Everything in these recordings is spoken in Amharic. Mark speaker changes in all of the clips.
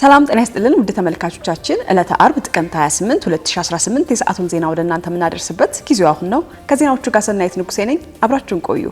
Speaker 1: ሰላም ጤና ይስጥልን ውድ ተመልካቾቻችን፣ ዕለተ አርብ ጥቅምት 28 2018 የሰዓቱን ዜና ወደ እናንተ የምናደርስበት ጊዜው አሁን ነው። ከዜናዎቹ ጋር ሰናይት ንጉሴ ነኝ። አብራችሁን ቆዩ።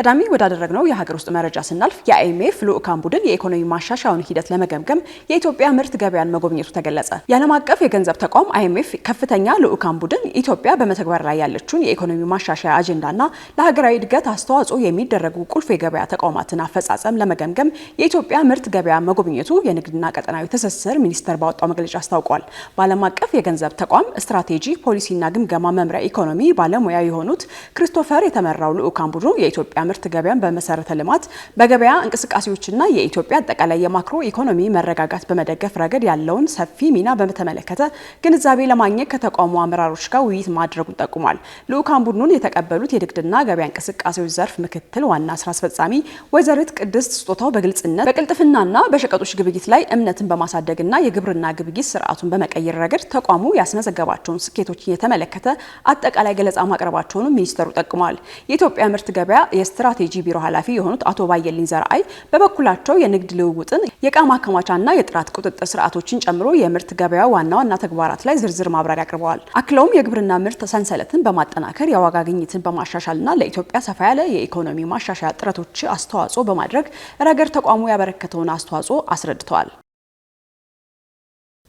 Speaker 1: ቀዳሚ ወዳደረግነው የሀገር ውስጥ መረጃ ስናልፍ የአይኤምኤፍ ልዑካን ቡድን የኢኮኖሚ ማሻሻያውን ሂደት ለመገምገም የኢትዮጵያ ምርት ገበያን መጎብኘቱ ተገለጸ። የዓለም አቀፍ የገንዘብ ተቋም አይኤምኤፍ ከፍተኛ ልዑካን ቡድን ኢትዮጵያ በመተግበር ላይ ያለችውን የኢኮኖሚ ማሻሻያ አጀንዳና ለሀገራዊ እድገት አስተዋጽኦ የሚደረጉ ቁልፍ የገበያ ተቋማትን አፈጻጸም ለመገምገም የኢትዮጵያ ምርት ገበያ መጎብኘቱ የንግድና ቀጠናዊ ትስስር ሚኒስቴር ባወጣው መግለጫ አስታውቋል። በዓለም አቀፍ የገንዘብ ተቋም ስትራቴጂ ፖሊሲና ግምገማ መምሪያ ኢኮኖሚ ባለሙያ የሆኑት ክሪስቶፈር የተመራው ልዑካን ቡድኑ የኢትዮጵያ ምርት ገበያን በመሰረተ ልማት በገበያ እንቅስቃሴዎችና የኢትዮጵያ አጠቃላይ የማክሮ ኢኮኖሚ መረጋጋት በመደገፍ ረገድ ያለውን ሰፊ ሚና በተመለከተ ግንዛቤ ለማግኘት ከተቋሙ አመራሮች ጋር ውይይት ማድረጉን ጠቁሟል። ልዑካን ቡድኑን የተቀበሉት የንግድና ገበያ እንቅስቃሴዎች ዘርፍ ምክትል ዋና ስራ አስፈጻሚ ወይዘሪት ቅድስት ስጦታው በግልጽነት በቅልጥፍናና በሸቀጦች ግብይት ላይ እምነትን በማሳደግና የግብርና ግብይት ስርዓቱን በመቀየር ረገድ ተቋሙ ያስመዘገባቸውን ስኬቶችን የተመለከተ አጠቃላይ ገለጻ ማቅረባቸውንም ሚኒስተሩ ጠቅሟል። የኢትዮጵያ ምርት ገበያ ስትራቴጂ ቢሮ ኃላፊ የሆኑት አቶ ባየልኝ ዘርአይ በበኩላቸው የንግድ ልውውጥን የእቃ ማከማቻና የጥራት ቁጥጥር ስርዓቶችን ጨምሮ የምርት ገበያ ዋና ዋና ተግባራት ላይ ዝርዝር ማብራሪያ አቅርበዋል። አክለውም የግብርና ምርት ሰንሰለትን በማጠናከር የዋጋ ግኝትን በማሻሻልና ለኢትዮጵያ ሰፋ ያለ የኢኮኖሚ ማሻሻያ ጥረቶች አስተዋጽኦ በማድረግ ረገድ ተቋሙ ያበረከተውን አስተዋጽኦ አስረድተዋል።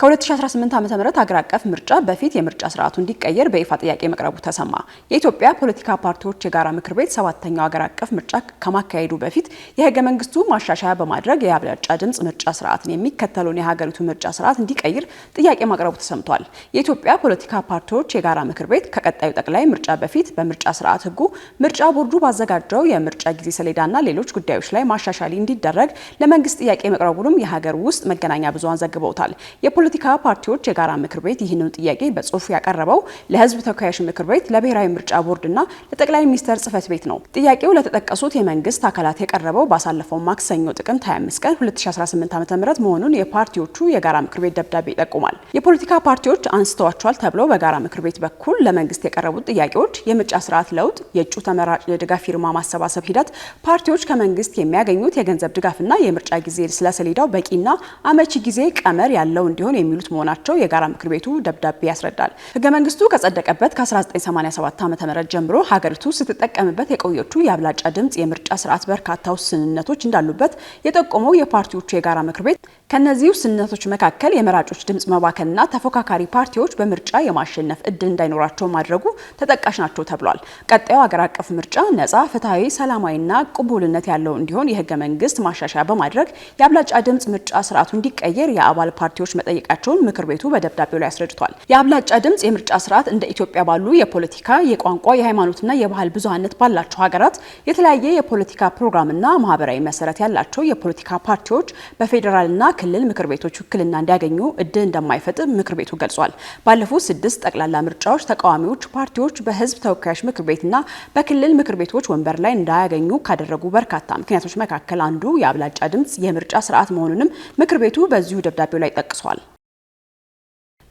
Speaker 1: ከ2018 ዓ.ም አገር አቀፍ ምርጫ በፊት የምርጫ ስርዓቱ እንዲቀየር በይፋ ጥያቄ መቅረቡ ተሰማ። የኢትዮጵያ ፖለቲካ ፓርቲዎች የጋራ ምክር ቤት ሰባተኛው አገር አቀፍ ምርጫ ከማካሄዱ በፊት የህገ መንግስቱ ማሻሻያ በማድረግ የአብላጫ ድምፅ ምርጫ ስርዓትን የሚከተለውን የሀገሪቱ ምርጫ ስርዓት እንዲቀይር ጥያቄ መቅረቡ ተሰምቷል። የኢትዮጵያ ፖለቲካ ፓርቲዎች የጋራ ምክር ቤት ከቀጣዩ ጠቅላይ ምርጫ በፊት በምርጫ ስርዓት ህጉ ምርጫ ቦርዱ ባዘጋጀው የምርጫ ጊዜ ሰሌዳና ሌሎች ጉዳዮች ላይ ማሻሻል እንዲደረግ ለመንግስት ጥያቄ መቅረቡንም የሀገር ውስጥ መገናኛ ብዙሃን ዘግበውታል። የፖለቲካ ፓርቲዎች የጋራ ምክር ቤት ይህንን ጥያቄ በጽሁፍ ያቀረበው ለህዝብ ተወካዮች ምክር ቤት፣ ለብሔራዊ ምርጫ ቦርድና ለጠቅላይ ሚኒስተር ጽህፈት ቤት ነው። ጥያቄው ለተጠቀሱት የመንግስት አካላት የቀረበው ባሳለፈው ማክሰኞ ጥቅምት 25 ቀን 2018 ዓ.ም መሆኑን የፓርቲዎቹ የጋራ ምክር ቤት ደብዳቤ ይጠቁማል። የፖለቲካ ፓርቲዎች አንስተዋቸዋል ተብለው በጋራ ምክር ቤት በኩል ለመንግስት የቀረቡት ጥያቄዎች የምርጫ ስርዓት ለውጥ፣ የእጩ ተመራጭ የድጋፍ ፊርማ ማሰባሰብ ሂደት፣ ፓርቲዎች ከመንግስት የሚያገኙት የገንዘብ ድጋፍና የምርጫ ጊዜ ስለሰሌዳው በቂና አመቺ ጊዜ ቀመር ያለው እንዲሆን የሚሉት መሆናቸው የጋራ ምክር ቤቱ ደብዳቤ ያስረዳል። ህገ መንግስቱ ከጸደቀበት ከ1987 ዓ ም ጀምሮ ሀገሪቱ ስትጠቀምበት የቆየቹ የአብላጫ ድምፅ የምርጫ ስርዓት በርካታ ውስንነቶች እንዳሉበት የጠቆመው የፓርቲዎቹ የጋራ ምክር ቤት ከነዚህ ውስንነቶች መካከል የመራጮች ድምፅ መባከንና ተፎካካሪ ፓርቲዎች በምርጫ የማሸነፍ እድል እንዳይኖራቸው ማድረጉ ተጠቃሽ ናቸው ተብሏል። ቀጣዩ ሀገር አቀፍ ምርጫ ነፃ፣ ፍትሐዊ፣ ሰላማዊና ቅቡልነት ያለው እንዲሆን የህገ መንግስት ማሻሻያ በማድረግ የአብላጫ ድምጽ ምርጫ ስርዓቱ እንዲቀየር የአባል ፓርቲዎች መጠየቃቸውን ምክር ቤቱ በደብዳቤው ላይ አስረድቷል። የአብላጫ ድምፅ የምርጫ ስርዓት እንደ ኢትዮጵያ ባሉ የፖለቲካ፣ የቋንቋ፣ የሃይማኖትና የባህል ብዙሀነት ባላቸው ሀገራት የተለያየ የፖለቲካ ፕሮግራምና ማህበራዊ መሰረት ያላቸው የፖለቲካ ፓርቲዎች በፌዴራልና ክልል ምክር ቤቶች ውክልና እንዲያገኙ እድል እንደማይፈጥር ምክር ቤቱ ገልጿል። ባለፉት ስድስት ጠቅላላ ምርጫዎች ተቃዋሚዎች ፓርቲዎች በህዝብ ተወካዮች ምክር ቤትና በክልል ምክር ቤቶች ወንበር ላይ እንዳያገኙ ካደረጉ በርካታ ምክንያቶች መካከል አንዱ የአብላጫ ድምፅ የምርጫ ስርዓት መሆኑንም ምክር ቤቱ በዚሁ ደብዳቤው ላይ ጠቅሷል።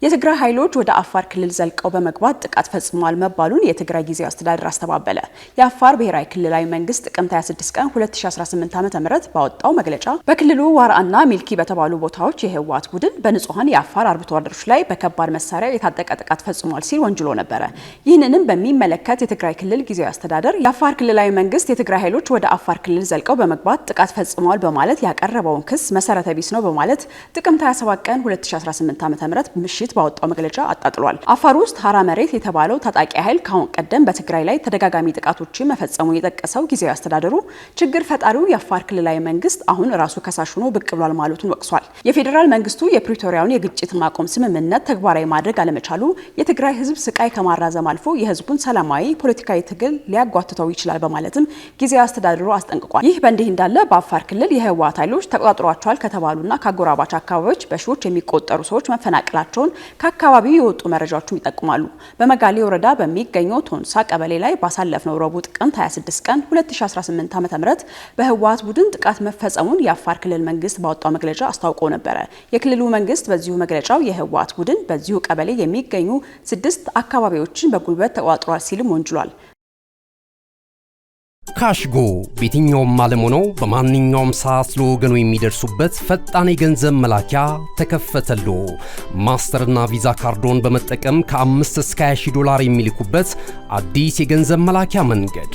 Speaker 1: የትግራይ ኃይሎች ወደ አፋር ክልል ዘልቀው በመግባት ጥቃት ፈጽመዋል መባሉን የትግራይ ጊዜያዊ አስተዳደር አስተባበለ። የአፋር ብሔራዊ ክልላዊ መንግስት ጥቅምት 26 ቀን 2018 ም ባወጣው መግለጫ በክልሉ ዋርአና ሚልኪ በተባሉ ቦታዎች የህወሓት ቡድን በንጹሐን የአፋር አርብቶ አደሮች ላይ በከባድ መሳሪያ የታጠቀ ጥቃት ፈጽሟል ሲል ወንጅሎ ነበረ። ይህንንም በሚመለከት የትግራይ ክልል ጊዜያዊ አስተዳደር የአፋር ክልላዊ መንግስት የትግራይ ኃይሎች ወደ አፋር ክልል ዘልቀው በመግባት ጥቃት ፈጽመዋል በማለት ያቀረበውን ክስ መሰረተ ቢስ ነው በማለት ጥቅምት 27 ቀን 2018 ም ምሽት ምሽት ባወጣው መግለጫ አጣጥሏል። አፋር ውስጥ ሀራ መሬት የተባለው ታጣቂ ኃይል ካሁን ቀደም በትግራይ ላይ ተደጋጋሚ ጥቃቶችን መፈጸሙን የጠቀሰው ጊዜያዊ አስተዳደሩ ችግር ፈጣሪው የአፋር ክልላዊ መንግስት አሁን ራሱ ከሳሽ ሆኖ ብቅ ብሏል ማለቱን ወቅሷል። የፌዴራል መንግስቱ የፕሪቶሪያውን የግጭት ማቆም ስምምነት ተግባራዊ ማድረግ አለመቻሉ የትግራይ ህዝብ ስቃይ ከማራዘም አልፎ የህዝቡን ሰላማዊ ፖለቲካዊ ትግል ሊያጓትተው ይችላል በማለትም ጊዜያዊ አስተዳደሩ አስጠንቅቋል። ይህ በእንዲህ እንዳለ በአፋር ክልል የህወሓት ኃይሎች ተቆጣጥሯቸዋል ከተባሉና ከአጎራባች አካባቢዎች በሺዎች የሚቆጠሩ ሰዎች መፈናቀላቸውን ከአካባቢው የወጡ መረጃዎችም ይጠቁማሉ። በመጋሌ ወረዳ በሚገኘው ቶንሳ ቀበሌ ላይ ባሳለፍነው ረቡዕ ጥቅምት 26 ቀን 2018 ዓ ም ቡድን ጥቃት መፈጸሙን የአፋር ክልል መንግስት ባወጣው መግለጫ አስታውቆ ነበረ። የክልሉ መንግስት በዚሁ መግለጫው የህወሀት ቡድን በዚሁ ቀበሌ የሚገኙ ስድስት አካባቢዎችን በጉልበት ተቋጥሯል ሲልም ወንጅሏል።
Speaker 2: ካሽጎ በየትኛውም ዓለም ሆነው በማንኛውም ሰዓት ለወገኑ የሚደርሱበት ፈጣን የገንዘብ መላኪያ ተከፈተሉ። ማስተርና ቪዛ ካርዶን በመጠቀም ከ5 እስከ 20 ዶላር የሚልኩበት አዲስ የገንዘብ መላኪያ መንገድ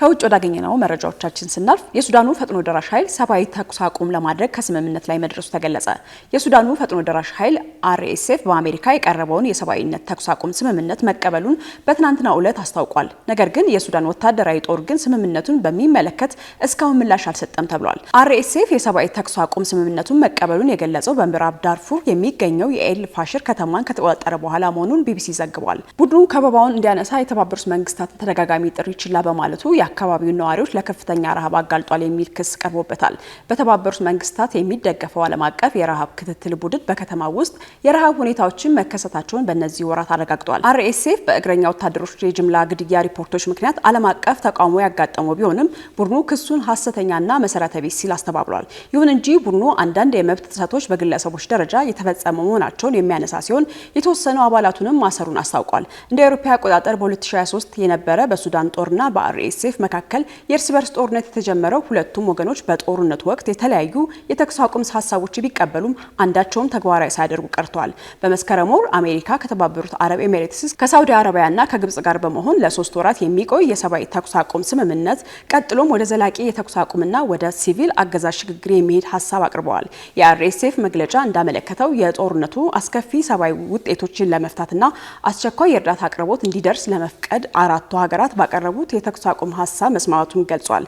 Speaker 1: ከውጭ ወዳገኘነው መረጃዎቻችን ስናልፍ የሱዳኑ ፈጥኖ ደራሽ ኃይል ሰብአዊ ተኩስ አቁም ለማድረግ ከስምምነት ላይ መድረሱ ተገለጸ። የሱዳኑ ፈጥኖ ደራሽ ኃይል አርኤስኤፍ በአሜሪካ የቀረበውን የሰብአዊነት ተኩስ አቁም ስምምነት መቀበሉን በትናንትናው ዕለት አስታውቋል። ነገር ግን የሱዳን ወታደራዊ ጦር ግን ስምምነቱን በሚመለከት እስካሁን ምላሽ አልሰጠም ተብሏል። አርኤስኤፍ የሰብአዊ ተኩስ አቁም ስምምነቱን መቀበሉን የገለጸው በምዕራብ ዳርፉር የሚገኘው የኤል ፋሽር ከተማን ከተቆጣጠረ በኋላ መሆኑን ቢቢሲ ዘግቧል። ቡድኑ ከበባውን እንዲያነሳ የተባበሩት መንግስታትን ተደጋጋሚ ጥሪ ችላ በማለቱ የአካባቢውን ነዋሪዎች ለከፍተኛ ረሃብ አጋልጧል የሚል ክስ ቀርቦበታል። በተባበሩት መንግስታት የሚደገፈው ዓለም አቀፍ የረሃብ ክትትል ቡድን በከተማ ውስጥ የረሃብ ሁኔታዎችን መከሰታቸውን በእነዚህ ወራት አረጋግጧል። አርኤስኤፍ በእግረኛ ወታደሮች የጅምላ ግድያ ሪፖርቶች ምክንያት ዓለም አቀፍ ተቃውሞ ያጋጠመው ቢሆንም ቡድኑ ክሱን ሀሰተኛና መሰረተ ቢስ ሲል አስተባብሏል። ይሁን እንጂ ቡድኑ አንዳንድ የመብት ጥሰቶች በግለሰቦች ደረጃ የተፈጸመ መሆናቸውን የሚያነሳ ሲሆን የተወሰኑ አባላቱንም ማሰሩን አስታውቋል። እንደ አውሮፓ አቆጣጠር በ2023 የነበረ በሱዳን ጦርና በአርኤስኤፍ መካከል የእርስ በርስ ጦርነት የተጀመረው ሁለቱም ወገኖች በጦርነቱ ወቅት የተለያዩ የተኩስ አቁም ሀሳቦች ቢቀበሉም አንዳቸውም ተግባራዊ ሳያደርጉ ቀርተዋል። በመስከረም ወር አሜሪካ ከተባበሩት አረብ ኤሚሬትስ፣ ከሳውዲ አረቢያና ከግብጽ ጋር በመሆን ለሶስት ወራት የሚቆይ የሰብአዊ ተኩስ አቁም ስምምነት ቀጥሎም ወደ ዘላቂ የተኩስ አቁምና ወደ ሲቪል አገዛዝ ሽግግር የሚሄድ ሀሳብ አቅርበዋል። የአርኤስኤፍ መግለጫ እንዳመለከተው የጦርነቱ አስከፊ ሰብአዊ ውጤቶችን ለመፍታትና አስቸኳይ የእርዳታ አቅርቦት እንዲደርስ ለመፍቀድ አራቱ ሀገራት ባቀረቡት የተኩስ አቁም ሀሳብ መስማቱን ገልጿል።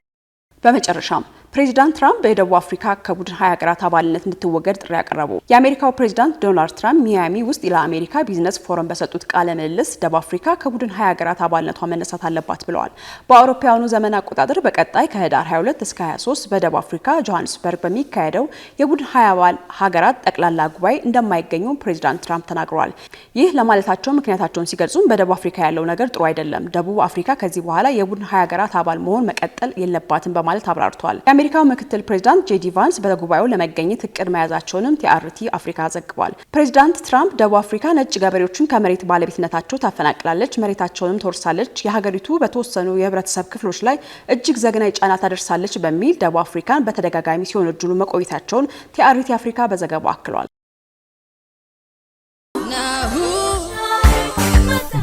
Speaker 1: በመጨረሻም ፕሬዚዳንት ትራምፕ በደቡብ አፍሪካ ከቡድን ሀያ ሀገራት አባልነት እንድትወገድ ጥሪ ያቀረቡ። የአሜሪካው ፕሬዚዳንት ዶናልድ ትራምፕ ሚያሚ ውስጥ ለአሜሪካ ቢዝነስ ፎረም በሰጡት ቃለ ምልልስ ደቡብ አፍሪካ ከቡድን ሀያ ሀገራት አባልነቷ መነሳት አለባት ብለዋል። በአውሮፓውያኑ ዘመን አቆጣጠር በቀጣይ ከህዳር 22 እስከ 23 በደቡብ አፍሪካ ጆሃንስበርግ በሚካሄደው የቡድን ሀያ አባል ሀገራት ጠቅላላ ጉባኤ እንደማይገኙ ፕሬዚዳንት ትራምፕ ተናግረዋል። ይህ ለማለታቸው ምክንያታቸውን ሲገልጹም በደቡብ አፍሪካ ያለው ነገር ጥሩ አይደለም፣ ደቡብ አፍሪካ ከዚህ በኋላ የቡድን ሀያ ሀገራት አባል መሆን መቀጠል የለባትም በማለት አብራርተዋል። የአሜሪካው ምክትል ፕሬዚዳንት ጄዲ ቫንስ በጉባኤው ለመገኘት እቅድ መያዛቸውንም ቲአርቲ አፍሪካ ዘግቧል። ፕሬዚዳንት ትራምፕ ደቡብ አፍሪካ ነጭ ገበሬዎችን ከመሬት ባለቤትነታቸው ታፈናቅላለች፣ መሬታቸውንም ተወርሳለች፣ የሀገሪቱ በተወሰኑ የህብረተሰብ ክፍሎች ላይ እጅግ ዘግናይ ጫና ታደርሳለች በሚል ደቡብ አፍሪካን በተደጋጋሚ ሲሆን ሲወነጅሉ መቆየታቸውን ቲአርቲ አፍሪካ በዘገባው አክሏል።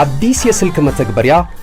Speaker 2: አዲስ የስልክ መተግበሪያ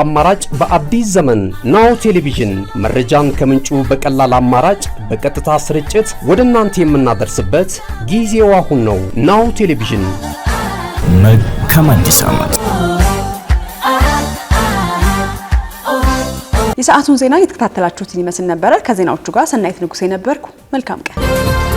Speaker 2: አማራጭ በአዲስ ዘመን ናሁ ቴሌቪዥን መረጃን ከምንጩ በቀላል አማራጭ በቀጥታ ስርጭት ወደ እናንተ የምናደርስበት ጊዜው አሁን ነው። ናሁ ቴሌቪዥን መልካም አዲስ ዓመት።
Speaker 1: የሰዓቱን ዜና እየተከታተላችሁትን ይመስል ነበረ። ከዜናዎቹ ጋር ሰናይት ንጉሴ ነበርኩ። መልካም ቀን